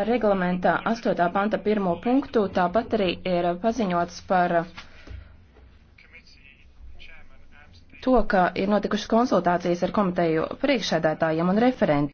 reglamentā 8. panta 1. punktu tāpat arī ir paziņots par to, ka ir notikušas konsultācijas ar komiteju priekšsēdētājiem un referentiem.